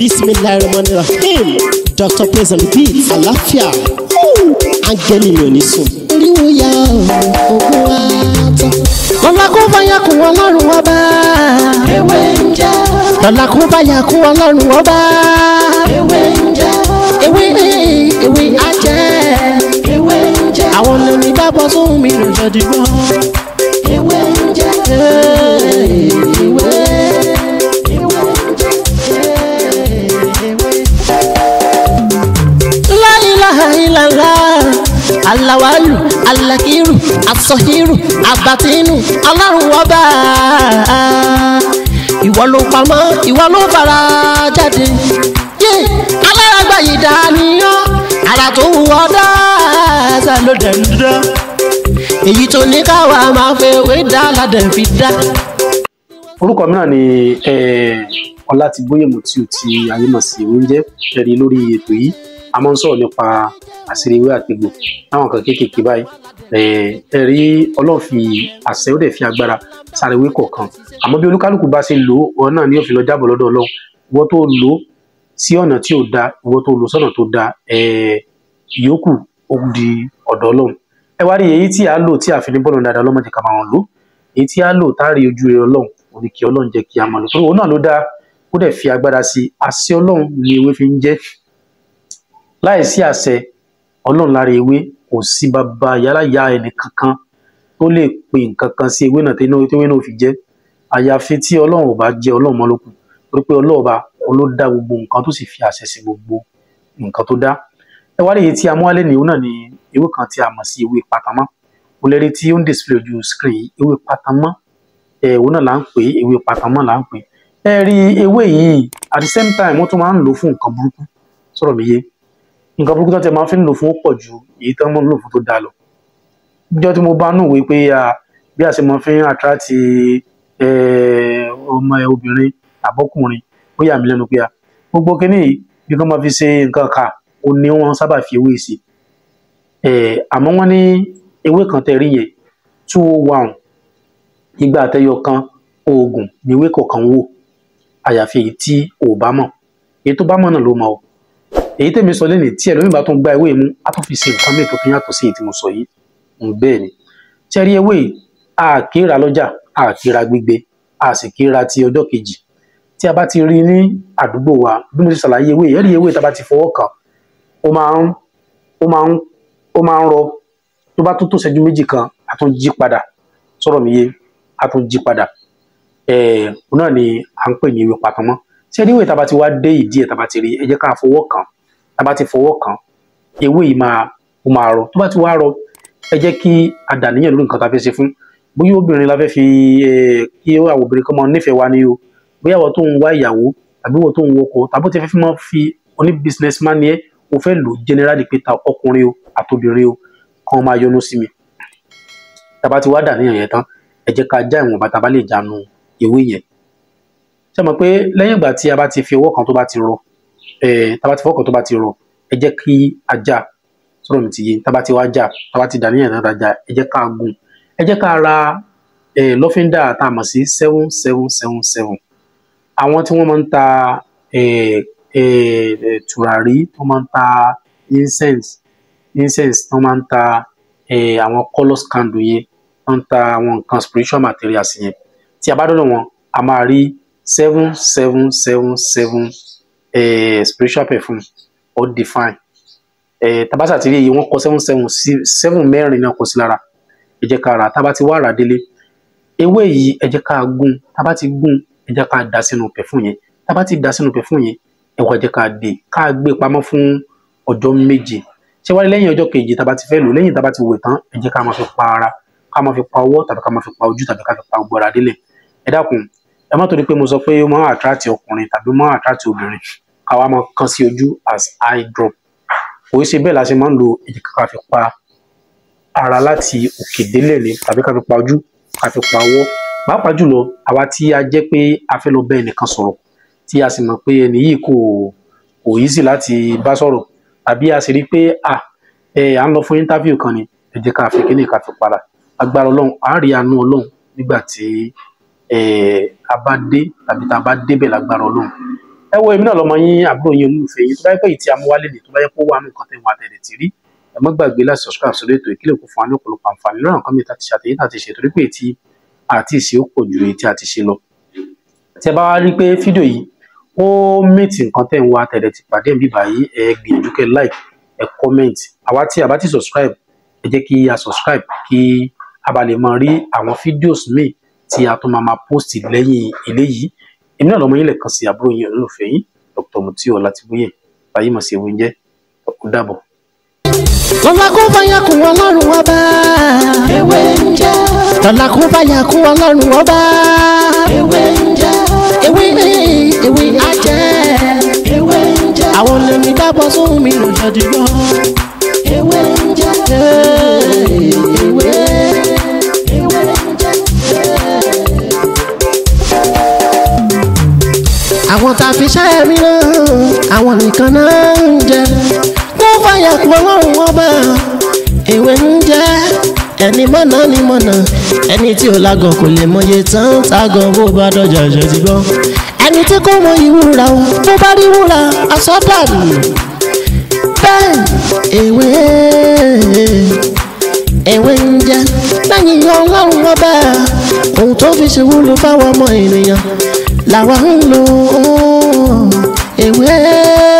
bismillahirrahmanirrahim dr praise on the beat àlàáfíà áńgẹ́lì mi ò ní sùn. oríwo ya ògùn wa tán. lọ́la kó báyà kú ọlọ́run ọba. ewé ń jẹ́. lọ́la kó báyà kú ọlọ́run ọba. ewé ń jẹ́. ewé ewé á ewé ń jẹ́. àwọn olórí bá bọ́ sóhun mi lòdì gbọ́. ewé ń jẹ́. asọ̀hírù àbàtínú ọlọ́run ọba ìwọ ló pamọ́ ìwọ ló fara jáde yé alárágbá yìí dániyọ́ ara tó wù ọ́ dáadáa ló dẹ̀ ń dá èyí tó ní káwa máa fẹ́ wé dá ládẹ̀ fi dá. orúkọ mìíràn ni eh, ọlátìbóyè mùtíù tí ayé mọ̀ sí oúnjẹ ẹ̀rí lórí ètò yìí a máa ń sọ̀rọ̀ nípa àṣírí ewé àtegbò táwọn kan kéékèèké báyìí ẹ̀rí ọlọ́run fi àṣẹ ó dẹ̀ fi agbára sára ewé kọ̀ọ̀kan àmọ́ bí olúkálùkù bá ṣe lò ó náà ni yóò fi lọ jábọ̀ lọ́dọ̀ ọlọ́run ìwọ tó lò ó sí ọ̀nà tí ò da ìwọ tó lò sọ́nà tó da ìyókù ó di ọ̀dọ̀ ọlọ́run ẹ wá rí èyí tí a lò tí a fi ní bọ́ọ̀lù dáadáa ọlọ́mọ jẹ́ ká máa lò èyí tí a lò tá a rí ojú rere ọlọ́run òní kí ọlọ́run jẹ́ kí a máa lò torí òun náà ló dá ó dẹ̀ fi agbára sí àṣẹ ọlọ́run ni ewé fi ń jẹ́ láìsí àṣẹ ọlọ́run lára ewé kò sí bàbá yálàyà ẹnì kankan tó lè pe nǹkan kan sí ewé náà tí ewé náà fi jẹ àyàfi tí ọlọ́run ò bá jẹ ọlọ́run mọ́ lókun torí pé ọlọ́run ọba ló dá gbogbo nǹkan tó sì fi àṣẹ sí gbogbo nǹkan tó dá ẹ wá léyìí tí a mú wálé nìyó náà ni ewé kan tí a mọ̀ sí ewé pátámọ́ mo lè rí tí ó ń display ojú screen yìí ewé pátámọ́ ẹ òun náà là ń pè é ewé pátámọ́ là ń pè é ẹ rí ewé yìí at the same time wọ́n tún máa ń lò fún nǹkan burúkú sọ̀rọ̀ mi yé nǹkan burúkú tó ti máa fi ń lò fún ó pọ̀ ju èyí tó ń lò fún tó da lọ níjọ́ tí mo bá nù wípé bí a ṣe máa fi ń àtúrátì ọmọ obìnrin àbọ́kùnrin ó yà mí lẹ́nu pé gbogbo kínní bí kò máa fi ṣe nǹkan kà ó ní wọ́n sábà fi ewé sí àmọ́ wọ́n ní ewé kan tẹ̀ yẹn two oh one igba àtẹyọ kan oògùn ní ewé kọ̀ọ̀kan wò àyàfi èyí tí ò bá mọ̀ èyí tó bá mọ̀ náà ló mọ̀ ọ́ èyí tèmi sọ lẹ́nu tí ẹlòmíì bá tún gba ewé mu á tún fi ṣe nǹkan mìíràn tó fi yàtọ̀ sí èyí tí mo sọ yìí bẹ́ẹ̀ ni ṣẹ́rí ewé yìí a kì í ra lọ́jà a kì í ra gbígbé a sì kì í ra ti ọjọ́ kejì tí a bá ti rí ní àdúgbò wa bí mo ti ṣàlàyé ewé yìí rí ewé tá a bá ti fọwọ́ kàn ó máa ń ó máa ń ó máa ń rọ tó bá tó tó ṣẹ́jú méjì kan a tún jí padà sọ̀rọ̀ mi yé a tún jí padà ẹ̀ẹ́ náà ni à ń pè ní ewé patamọ́ ṣé níwèé tá a bá ti wá dé ìdí ẹ̀ tá a bá ti rí ẹ jẹ́ ká fọwọ́ kàn tá a bá ti fọwọ́ kàn ewé yìí máa ó máa rọ tó bá ti wá rọ ẹ jẹ́ kí a lórí nǹkan tá a fẹ́ ṣe fún bóyá obìnrin la fẹ́ fi kí àwọn obìnrin kan máa nífẹ̀ẹ́ wa ni o bóyá àwọn tó ń wá ìyàwó tàbí àwọn tó ń wọkọ tàbí ó ti fẹ́ fi máa fi oní businessman ni ẹ o fẹ́ lò generally pé ta ọkùnrin o àtobìnrin o kan máa yọnu sí mi tá a bá ti wá dàníyàn yẹn tán ẹ jẹ́ ká já ìwọ̀nba tá a bá lè jánu ewé yẹn ṣe mọ̀ pé lẹ́yìn ìgbà tí a bá ti fi ọwọ́ kan tó bá ti rọ tá a bá ti fọwọ́ kan tó bá ti rọ ẹ jẹ́ kí a já sọ̀rọ̀ mi ti yé tá a bá ti wá já tá a bá ti dàníyàn náà dájà ẹ jẹ́ ká gún ẹ jẹ́ ká ra lọ́fíńdà tá a mọ̀ sí seven seven seven seven àwọn tí wọ́n máa ń ta tùràrí tó máa ń ta incense incense tó máa ń ta àwọn colours candle yẹn tó ń ta àwọn nǹkan spiritual materials yẹn tí a bá dọ́dọ̀ wọn a máa rí seven seven seven seven eh, spiritual perfume or define tabasa ti rí iye wọn kọ seven seven seven mẹ́rin náà kọ sí lára ẹ jẹ́ ká rà tábà ti wá rà délé ewé yìí ẹ ká gún tábà ti gún ẹ ká dà sínú perfume yẹn tábà ti dà sínú perfume yẹn ẹ wá jẹ́ ká dè ká gbé pamọ́ fún ọjọ́ méje ṣé wá lẹ́yìn ọjọ́ kejì tábà ti fẹ́ lò lẹ́yìn tábà ti wẹ̀ tán ẹ jẹ́ ká máa fi pa ara ká máa fi pa ọwọ́ tàbí ká máa fi pa ojú tàbí ká fi pa gbọra délé ẹ dákun ẹ má torí pé mo sọ pé ó máa ń attract ọkùnrin tàbí máa ń attract obìnrin káwa máa kàn sí ojú as eye drop kò í ṣe bẹ́ẹ̀ la ṣe máa ń lo èdè ká fi pa ara láti òkè délẹ̀ ni tàbí ká fi pa ojú ká fi pa ọwọ́ pàápàá jùlọ àwa tí a jẹ́ pé a fẹ́ lọ bá ẹnìkan sọ̀rọ̀ tí a sì mọ̀ pé ẹni yìí kò kò yí sí láti bá sọ̀rọ̀ tàbí a sì rí pé à ẹ à ń lọ fún interview kan ni ẹ jẹ́ ká fi kíní ká fi para agbára ọlọ́run àárí àánú ọlọ́run nígbà tí Eh, a bá tàbí tá a bá débẹ̀ lágbára ọlọ́run ẹ wo èmi náà lọ́mọ yín àbúrò yín olùfẹ́ yín tó bá yẹ pé ìtì amúwálé ni tó bá yẹ kó wà nǹkan tẹ̀ wọn àtẹ̀lẹ̀ tì rí ẹ mọ́ gbàgbé láti subscribe sórí ètò ìkílẹ̀ kó fún wa ní ọ̀pọ̀lọpọ̀ àǹfààní lọ́nà kan mi ta ti ṣàtẹ̀yìn láti ṣe torí pé ètì àti ìṣe ó pọ̀ ju ètì àti ṣe lọ. tí ẹ bá wá rí pé fídíò yìí ó mìtì nǹkan tẹ̀ wọn àtẹ̀lẹ̀ ti pàdé mi báyìí ẹ gbìyànjú kẹ́ like ẹ comment àwa tí a bá ti subscribe ẹ jẹ́ kí a subscribe kí a bá lè máa tí a tún máa máa post lẹ́yìn eléyìí èmi náà lọ́mọ yín lẹ́ẹ̀kan sí àbúrò yín olólùfẹ́ yín Dr. Mutiu Ọlátibóyè báyé mọ̀ sí ewu ń jẹ́ ó dàbọ̀. Lọ́la kó báyà ọlọ́run ọba. Ewé ń jẹ́. Lọ́la kó báyà ọlọ́run ọba. Ewé ń jẹ́. Ewé ní ewé ajẹ́. Ewé ń jẹ́. Àwọn olè mi dábọ̀ sóhun mi lò jáde àwọn tá a fi ṣẹ́ mi náà àwọn nìkan náà ń jẹ kó fàyà kú ọlọ́run ọba èwe ń jẹ ẹni mọ̀nà ni mọ̀nà ẹni tí ò lágàn kò lè mọye tán tágàn bó bá dọ̀jà ṣe ti gbọ́ ẹni tí kò mọ ìwúra o bó bá rí wúra àsọdàlù bẹ́ẹ̀ èwe èwe ń jẹ lẹ́yìn ọlọ́run ọba ohun tó fi ṣe wúlò fáwọn ọmọ ènìyàn làwa ń lò ewé.